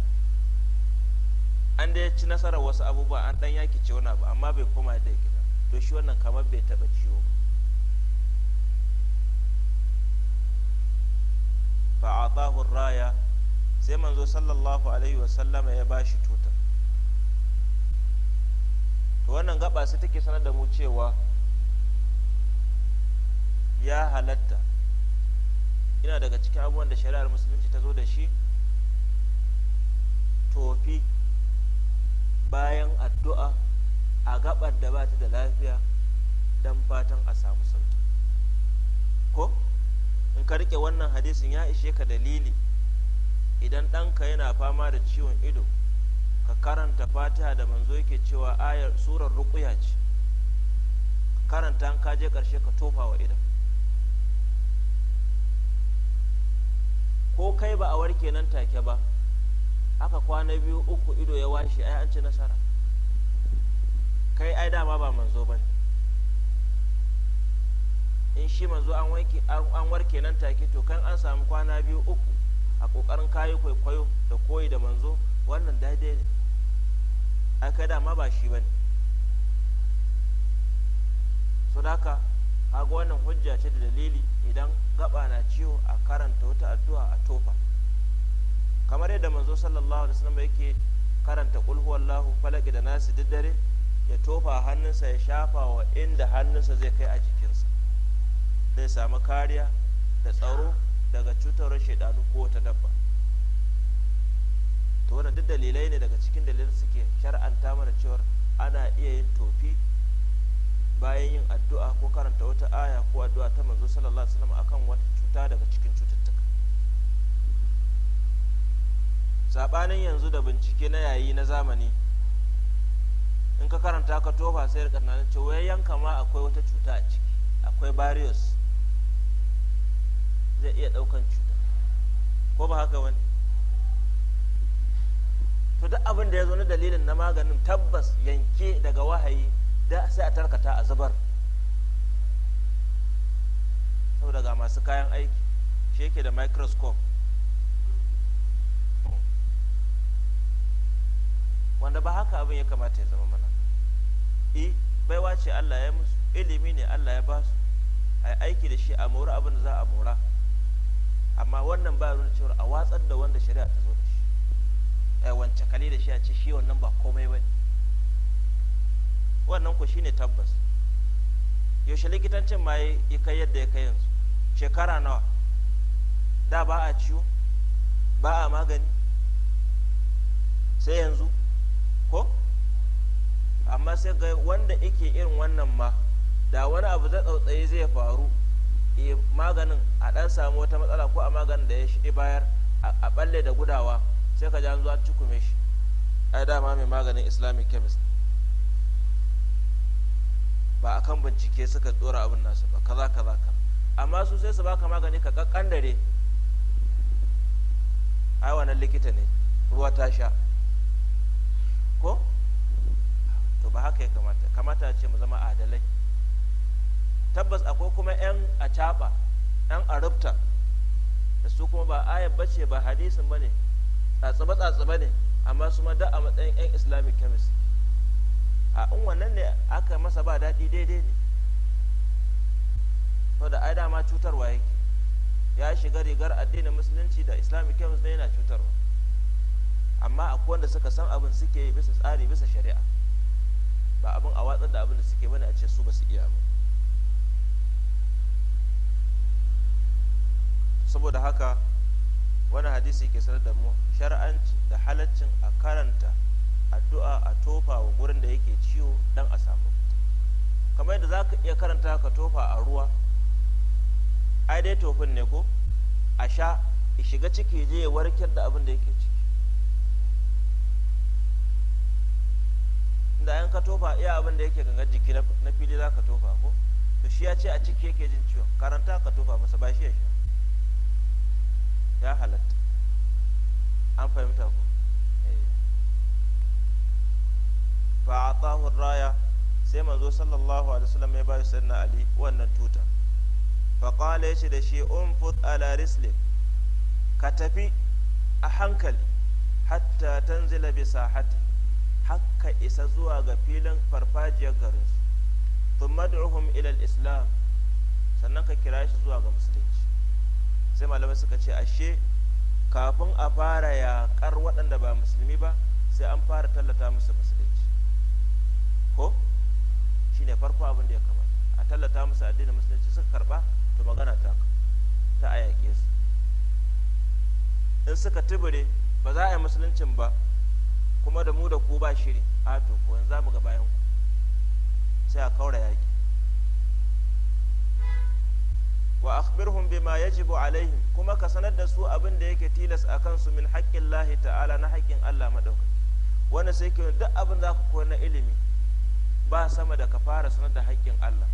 [SPEAKER 1] an da ya ci nasarar wasu abubuwa an dan yaki ce wani abu amma bai koma yadda yake to shi wannan kamar bai taɓa ciwo ba. fa'atahu raya sai manzo sallallahu alaihi wasallama ya ba shi tuta. to wannan gaba sai take sanar da mu cewa ya halatta ina daga cikin abubuwan da shari'ar musulunci ta zo da shi tofi bayan addu'a a gabar da bata da lafiya don fatan a samu sauki ko in ka rike wannan hadisin ya ishe ka dalili idan ɗanka yana fama da ciwon ido ka karanta fatiha da manzo yake cewa ayar surar rukuya ce karanta an kaje karshe ka tofa wa idan ko kai ba a warke nan take ba haka kwana biyu uku ido ya washe ai an ci nasara kai ai dama ba manzo ba in shi manzo an wanke an warke nan take to kan an samu kwana biyu uku a kokarin kayi kwaikwayo da koyi da manzo wannan daidai ne ai kai dama ba shi ba ne so da haka kaga wannan hujja ce da dalili idan gaba na ciwo a karanta wata addu'a a tofa kamar yadda manzo sallallahu alaihi wasallam yake karanta qul huwallahu falaki da nasi duk ya tofa hannunsa ya shafa wa inda hannunsa zai kai a jikinsa zai samu kariya da tsaro daga cutar shaidanu ko ta dabba to wannan duk dalilai ne daga cikin dalilin suke shar'anta mana cewar ana iya yin tofi bayan yin addu'a ko karanta wata aya ko addu'a ta manzo sallallahu alaihi wasallam akan wata cuta daga cikin cututtuka sabanin yanzu da bincike na yayi na zamani in ka karanta ka tofa sai rika tunanin cewa wai yanka ma akwai wata cuta a ciki akwai barriers zai iya daukan cuta ko ba haka wani to duk abin da ya zo na dalilin na maganin tabbas yanke daga wahayi da sai a tarkata a zubar saboda ga masu kayan aiki shi yake da microscope wanda ba haka abin ya kamata ya zama mana e baiwa ce Allah ya musu ilimi ne Allah ya ba su a aiki da shi a mora abin da za a mora amma wannan ba nuna cewa a watsar da wanda shari'a ta zo da shi a wance kale da shi a ce shi wannan ba komai ba ne wannan ku ne tabbas yaushe likitancin ma ya kai yadda ya kai yanzu shekara nawa da ba a ciwo ba a magani sai yanzu amma sai ga wanda yake irin wannan ma da wani abu zai tsautsaye zai faru e, maganin a dan samu wata matsala ko a maganin da ya shi bayar a balle da gudawa sai ka ji an zuwa cikume shi ai dama mai maganin islamic chemist ba a kan bincike suka tsora abin nasu ba kaza kaza ka amma su sai su baka magani ka dare ai wannan likita ne ruwa ta sha ko to ba haka ya kamata kamata ce mu zama adalai tabbas akwai kuma 'yan a caɓa 'yan a rubta da su kuma ba ayab bace ba hadisin ba ne tsatsabe-tsatsabe ne amma su ma da a matsayin 'yan islamic chemist a in wannan ne aka masa ba daɗi daidai ne to da ai dama cutarwa yake ya shiga rigar addinin musulunci da islamic chemist ne yana cutarwa amma akwai wanda suka san abin suke bisa tsari bisa shari'a ba abin a watsar da abin da suke mana a ce su ba su iya ba saboda haka wani hadisi ke sanar da mu shar'anci da halaccin a karanta addu'a a tofa wa gurin da yake ciwo dan a samu kamar yadda za ka iya karanta ka tofa a ruwa ai dai tofin ne ko a sha shiga ciki je ya warkar da abin da yake tunda yan ka tofa iya abin da yake gangar jiki na fili za ka tofa ko to shi ya ce a ciki yake jin ciwon karanta ka tofa masa ba shi ya sha ya halatta an fahimta ku eh. fa atahu raya sai manzo sallallahu alaihi wasallam ya bayu sannan ali wannan tuta fa ya ce da shi unfut ala rislik ka tafi a hankali hatta tanzila bi sahati hakka isa zuwa ga filin farfajiyar garin garinsu tun mad'uhum ilal islam sannan ka kira shi zuwa ga musulunci sai malamai suka ce ashe kafin a fara yaƙar waɗanda ba musulmi ba sai an fara tallata musu musulunci ko shi ne farko abin da ya kamata a tallata musu addinin musulunci suka karba to magana ta ta a yaƙe su in suka tubure ba za a yi musuluncin ba kuma da mu da ku ba shiri a to yanzu za mu ga bayan ku sai a kaura yaki wa akhbirhum bima yajibu alaihim kuma ka sanar da su abin da yake tilas a kansu min haƙƙin lahi ta'ala na haƙƙin Allah madauka wanda sai ke duk abin za ka koyar na ilimi ba sama da ka fara sanar da haƙƙin Allah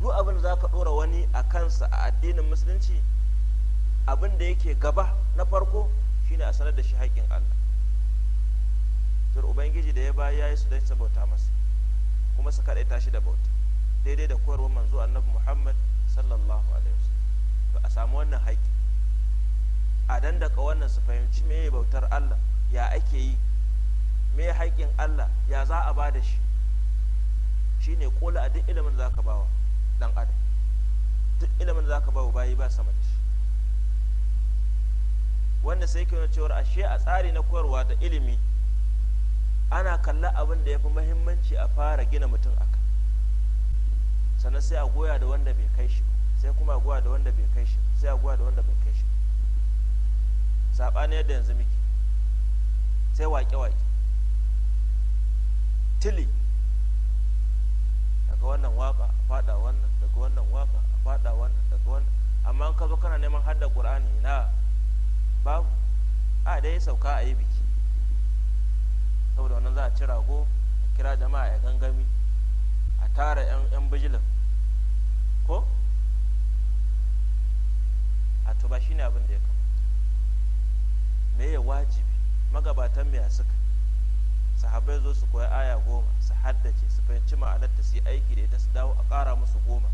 [SPEAKER 1] duk abin za ka ɗora wani a kansa a addinin musulunci abin da yake gaba na farko shine a sanar da shi haƙƙin Allah tur ubangiji da ya ba ya yi su don su bauta masa kuma su kaɗaita tashi da bauta daidai da koyarwar manzo annabi muhammad sallallahu alaihi wasallam to a samu wannan haƙƙi a dandaka wannan su fahimci me bautar allah ya ake yi me haƙƙin allah ya za a ba da shi shine kula a duk ilimin da zaka bawa dan adam duk ilimin da zaka bawa bayi ba sama da shi wanda sai ke cewa ashe a tsari na koyarwa da ilimi ana kalla abin da ya fi mahimmanci a fara gina mutum aka sannan sai a goya da wanda bai kai shi sai kuma a goya da wanda bai kai shi sai a goya da wanda bai kai shi saɓani yadda yanzu muke sai waƙe-waƙe tili daga wannan waƙa a faɗa wannan daga wannan waƙa a faɗa wannan daga wannan amma an ka zo kana neman hadda ƙur'ani na babu a dai sauka a yi biki saboda wannan za a ci rago a kira jama'a ya gangami a tara 'yan bijilin ko a to ba shine abin da ya kamata me ya wajibi magabatan me suka sahabbai zo su koyi aya goma su haddace su fahimci ma'anar ta su yi aiki da ita su dawo a ƙara musu goma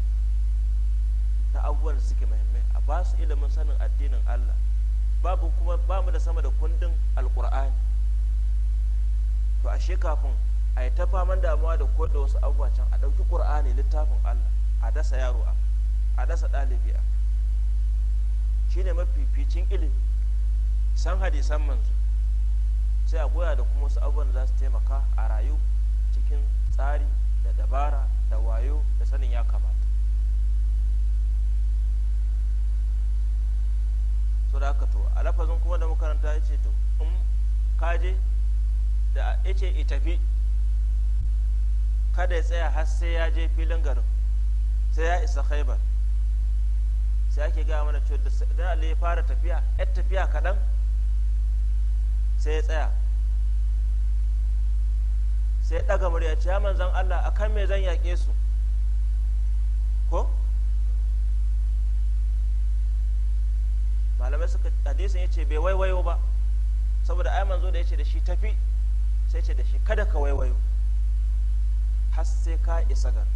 [SPEAKER 1] na abubuwan da suke muhimmai a ba su ilimin sanin addinin Allah babu kuma ba mu da sama da kundin alkur'ani to ashe kafin a yi ta faman damuwa da ko da wasu abubuwa can a ɗauki ƙur'ani littafin allah a dasa yaro a a dasa ɗalibi a shine mafificin ilimi san hadisan manzo sai a goya da kuma wasu abubuwan za su taimaka a rayu cikin tsari da dabara da wayo da sanin ya kamata so da haka to a lafazin kuma da makaranta ya ce to in kaje da yake ce itafi kada ya tsaya har sai ya je filin garin sai ya isa khaibar sai ake gaya mana cewa da sai Ali ya fara tafiya yar tafiya kaɗan sai ya tsaya sai ɗaga murya ce ya manzan Allah a kan me zan yaƙe su ko malamai suka hadisin ya ce bai waiwayo ba saboda ai manzo da ya ce da shi tafi sai ce da shi kada ka waiwayo har sai ka isa gar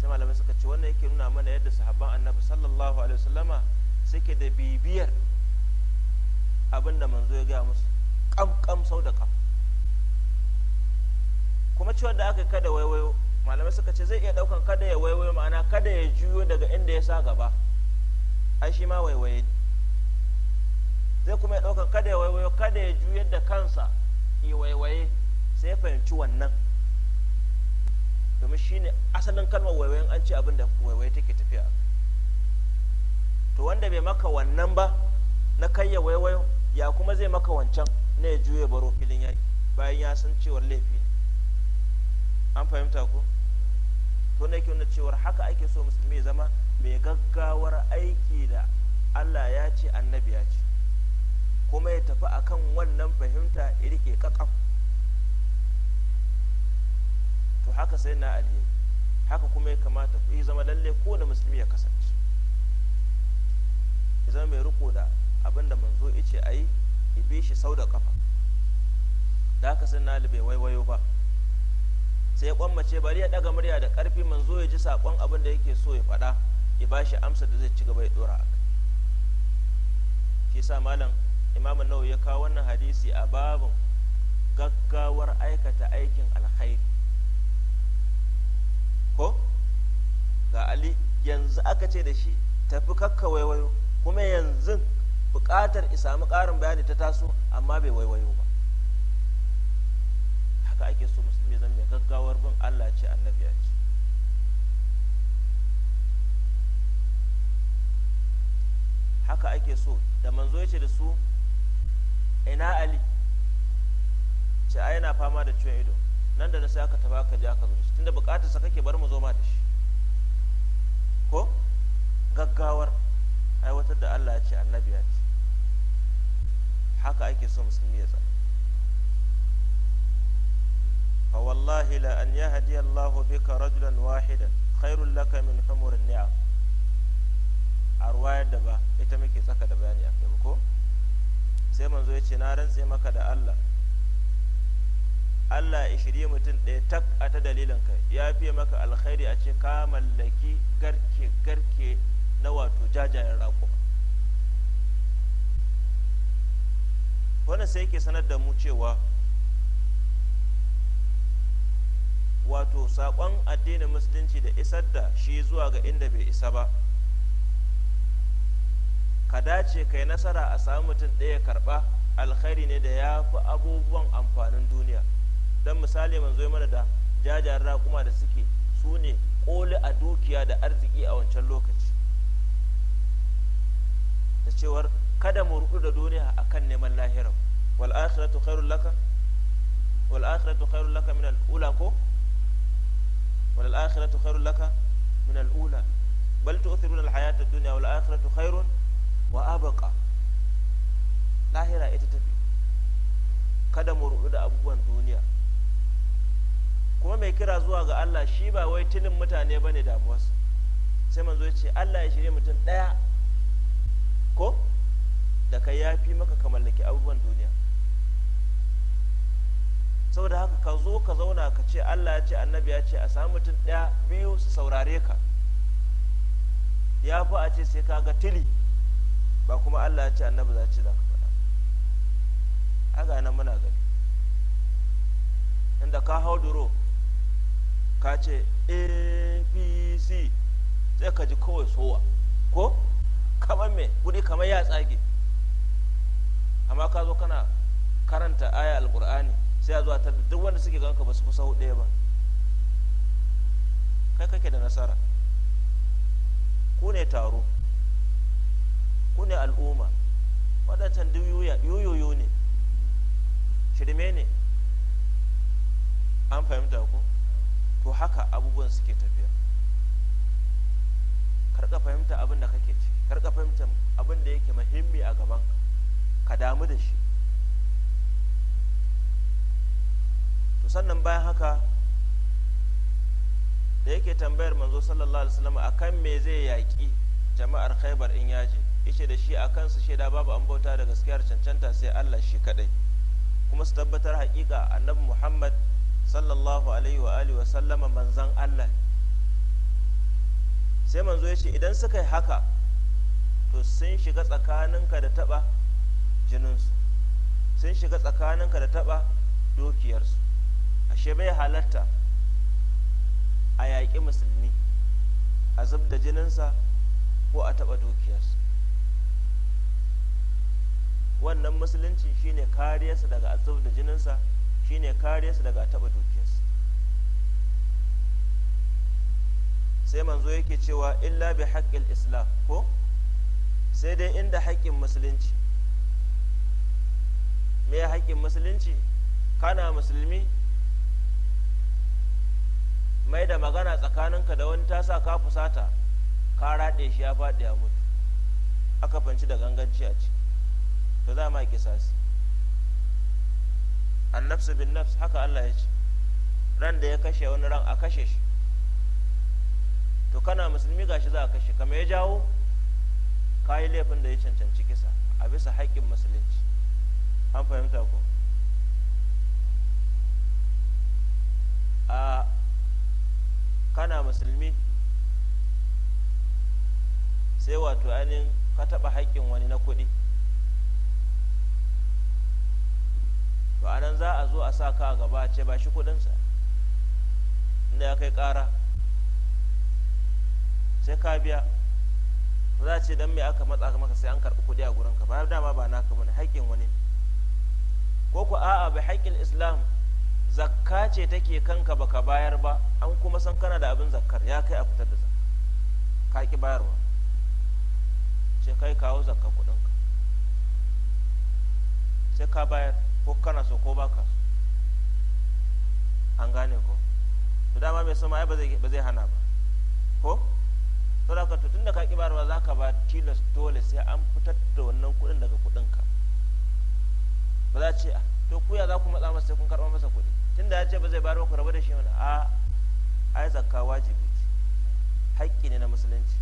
[SPEAKER 1] sai malamai suka ce wannan yake nuna mana yadda sahabban annabi sallallahu alaihi wasallama suke da bibiyar abin da manzo ya gaya musu kam sau da kam kuma cewa da aka kada waiwayo malamai suka ce zai iya daukan kada ya waiwayo ma'ana kada ya juyo daga inda ya sa gaba ai shi ma waiwaye zai kuma ya daukan kada ya waiwayo kada ya juyar da kansa yi waiwaye sai ya fahimci wannan domin shine asalin kalmar waiwayen an ce abin da waiwaye take tafiya to wanda bai maka wannan ba na kayya waiwayo ya kuma zai maka wancan na ya juye baro filin yaki bayan ya san cewar laifi ne an fahimta ko to ne ke cewar haka ake so musulmi zama mai gaggawar aiki da allah ya ce annabi ya ce kuma ya tafi akan wannan fahimta ya rike kakaf to haka sai na aliyu haka kuma ya kamata ku yi zama lalle ko da musulmi ya kasance ya zama mai riko da abin da manzo ya ce a yi bi shi sau da kafa da haka sai na aliyu bai waiwayo ba sai ya kwammace bari ya daga murya da karfi manzo ya ji sakon abin da yake so ya faɗa ya ba shi amsa da zai ci gaba ya dora a kai shi sa malam imam nawawi ya kawo wannan hadisi a babin gaggawar aikata aikin alkhairi ko ga ali yanzu aka ce da shi tafi kakka waiwayo kuma yanzu buƙatar isami ƙarin bayani ta taso amma bai waiwayo ba haka ake so musulmi zan mai gaggawar bin allah ce annabi ya ce haka ake so da manzo ya ce da su ina ali ce ai yana fama da ciwon ido nan da na sai aka taba ka je aka zo shi tunda bukatar sa kake bar mu zo ma da shi ko gaggawar aiwatar da Allah ya ce annabi ya ce haka ake so musulmi ya tsaya fa wallahi la an yahdi Allah bika rajulan wahidan khairul laka min humurin ni'am a da ba ita muke tsaka da bayani a kai ko sai manzo ya ce na rantse maka da Allah Allah ya shirye mutum ɗaya tak a ta dalilin kai ya fiye maka alkhairi a ce ka mallaki garke garke na wato jajayen rako wannan sai yake sanar da mu cewa wato saƙon addinin musulunci da isar da shi zuwa ga inda bai isa ba ka dace kai nasara a samu mutum ɗaya karɓa alkhairi ne da ya fi abubuwan amfanin duniya don misali manzo ya mana da jajayen raƙuma da suke su ne ƙoli a dukiya da arziki a wancan lokaci da cewar kada mu rudu da duniya akan neman lahirar wal akhiratu khairul laka laka min al ko wal akhiratu khairul laka min al ula bal tu'thiruna al hayata ad-dunya wal akhiratu khairun wa abaka lahira ita tafi kada mu rudu da abubuwan duniya kuma mai kira zuwa ga Allah shi ba wai tunin mutane ba ne damuwarsa sai manzo ya ce Allah ya shirya mutum ɗaya ko da kai ya fi maka ka mallaki abubuwan duniya saboda haka ka zo ka zauna ka ce Allah ya ce annabi ya ce a samu mutum ɗaya biyu su saurare ka ya fi a ce sai ka ga tili ba kuma Allah ya ce annabi za ce za ka faɗa a ga nan muna gani inda ka hau duro ka ce abc sai ka ji kawai sowa ko kamar me gudi kamar ya tsage amma ka zo kana karanta aya alkur'ani sai ya zuwa ta duk wanda suke ganka ba su fi hudu ɗaya ba kai kake da nasara ku ne taro ku ne al'umma waɗancan duk yoyoyo ne shirme ne an fahimta ku to haka abubuwan suke tafiya karka fahimta abin da kake ci karka fahimta abin da yake muhimmi a gaban ka damu da shi to sannan bayan haka da yake tambayar manzo sallallahu alaihi wasallam akan me zai yaƙi jama'ar khaybar in yaje yake da shi a kansu shaida babu an bauta da gaskiyar cancanta sai Allah shi kadai kuma su tabbatar hakika annabi Muhammad sallallahu alaihi wa alihi wa sallama manzan Allah sai manzo ya ce idan suka yi haka to sun shiga tsakaninka da taba jininsu sun shiga tsakaninka da taba su ashe bai halatta a yaƙi musulmi a zub da jininsa ko a taɓa dukiyarsa wannan musulunci shine kariyarsa daga azab da jininsa shine kariyarsa daga taɓa dukiyarsa sai manzo yake cewa illa bi haƙƙin islam ko sai dai inda haƙƙin musulunci me haƙƙin musulunci kana musulmi mai da magana tsakaninka da wani tasa ka fusata ka raɗe shi ya faɗi ya mutu aka fanci da ganganci a ciki to za ma kisasi annafsu bin nafs haka Allah ya ce ran da ya kashe wani ran a kashe shi to kana musulmi gashi za a kashe kama ya jawo ka yi laifin da ya cancanci kisa a bisa haƙƙin musulunci an fahimta ko a kana musulmi sai wato ainihin ka taɓa haƙƙin wani na kuɗi to a nan za a zo a sa ka a gaba ce ba shi kudinsa inda ya kai kara sai ka biya ba za a ce don me aka matsa maka sai an karɓi kuɗi a gurinka ba dama ba naka bane haƙƙin wani ko ku a'a bai haƙƙin islam zakka ce take kanka baka bayar ba an kuma san kana da abin zakkar ya kai a fitar da zakka ka ki bayarwa sai kai kawo zakka kuɗinka sai ka bayar ko kana so ko baka so an gane ko to dama mai soma ai ba zai hana ba ko to da ka to tunda ka kibarwa za ka ba tilas dole sai an fitar da wannan kuɗin daga kuɗinka ba za ce ah, to kuya za ku matsa masa kun karba masa kuɗi tunda ya ce ba zai bayar ku rabu da shi wani a ai zakka wajibi ce haƙƙi ne na musulunci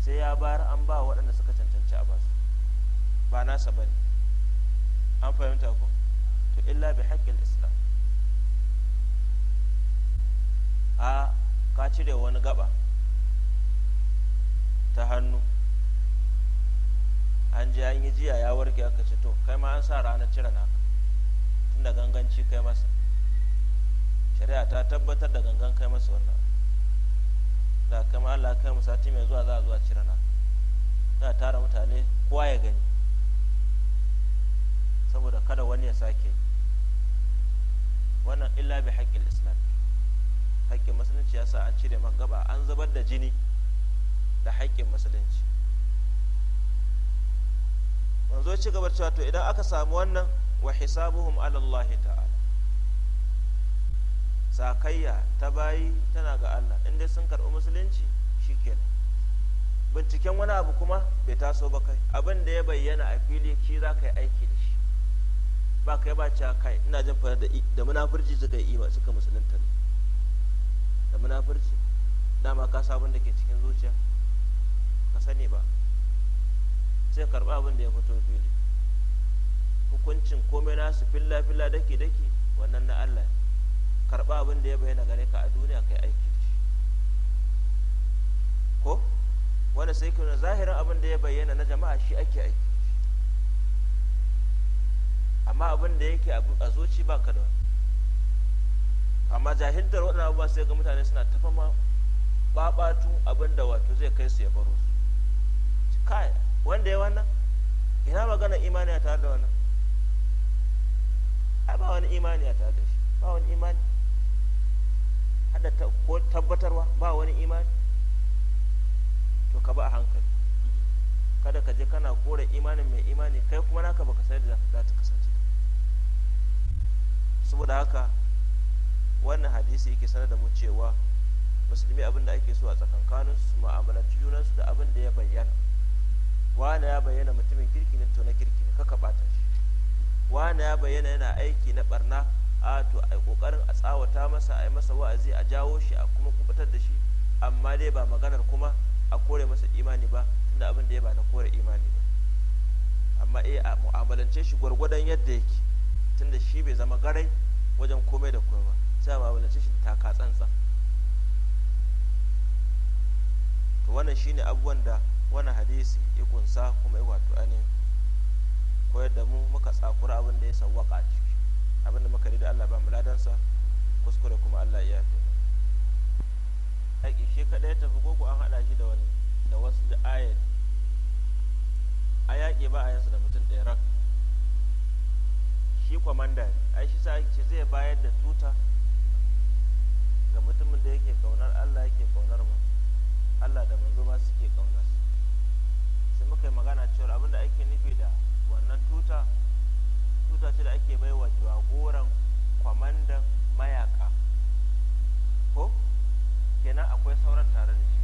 [SPEAKER 1] sai ya bayar an ba waɗanda suka cancanci a basu ba nasa ba ne an fahimta ko to illa bi haƙƙin islam a ka cire wani gaba ta hannu an ji an yi jiya ya warke aka ce to kai ma an sa ranar cire naka tun da ganganci kai masa shari'a ta tabbatar da gangan kai masa wannan da kai ma Allah kai mu sati mai zuwa za a zuwa cire naka za a tara mutane kowa ya gani saboda kada wani ya sake wannan illa bi haƙƙin islam haƙƙin musulunci ya sa an cire magaba an zubar da jini da haƙƙin musulunci manzo ci gaba cewa to idan aka samu wannan wa hisabuhum ala Allah ta'ala sakayya ta bayi tana ga Allah inda sun karɓi musulunci shikenan binciken wani abu kuma bai taso ba kai abin da ya bayyana a fili shi za ka yi aiki ba kai ba cewa kai ina jin fara da da munafurci suka yi ima suka musulunta ne da munafurci dama ka sa abin da ke cikin zuciya ka sani ba sai karba abin da ya fito fili hukuncin komai nasu filla filla dake dake wannan na Allah karba abin da ya bayyana gare ka a duniya kai aiki ko wanda sai kuma zahirin abin da ya bayyana na jama'a shi ake aiki amma abin da yake a zuci ba ka da amma jahiltar waɗannan abubuwa sai ga mutane suna tafa ma babatu abin da wato zai kai su ya baro su kai wanda ya wannan ina magana imani a tare da wannan ai ba wani imani a tare da shi ba wani imani hada tabbatarwa ba wani imani to ka ba a hankali kada ka je kana kore imanin mai imani kai kuma naka baka sai da za ta kasar. saboda haka wannan hadisi yake sanar da mu cewa musulmi abin da ake so a tsakankanin su mu'amalanci junansu da abin da ya bayyana wani ya bayyana mutumin kirki ne to na kirki ne kaka bata shi wani ya bayyana yana aiki na barna a to a kokarin a tsawata masa a yi masa wa'azi a jawo shi a kuma kubutar da shi amma dai ba maganar kuma a kore masa imani ba tunda abin da ya ba na kore imani ba amma eh a mu'amalance shi gwargwadon yadda yake tunda shi bai zama garai wajen komai da komai ba sai a mu'amalance shi da taka tsantsa to wannan shine abubuwan da wani hadisi ya kunsa kuma ya wato ainihin koyar da mu muka tsakura abin da ya sawwaka a ciki abin da muka da Allah ba mu sa kuskure kuma Allah ya fi haƙi shi kaɗai tafi koko an haɗa shi da wani da wasu da ayat a yaƙi ba a yansu da mutum ɗaya rak shi kwamanda ai shi sa ce zai bayar da tuta ga mutumin da yake kaunar Allah yake kaunar mu Allah da manzo ba suke kaunar sai muka yi magana cewa abinda ake nufi da wannan tuta tuta ce da ake baiwa jagoran kwamandan mayaka ko kenan akwai sauran tare da shi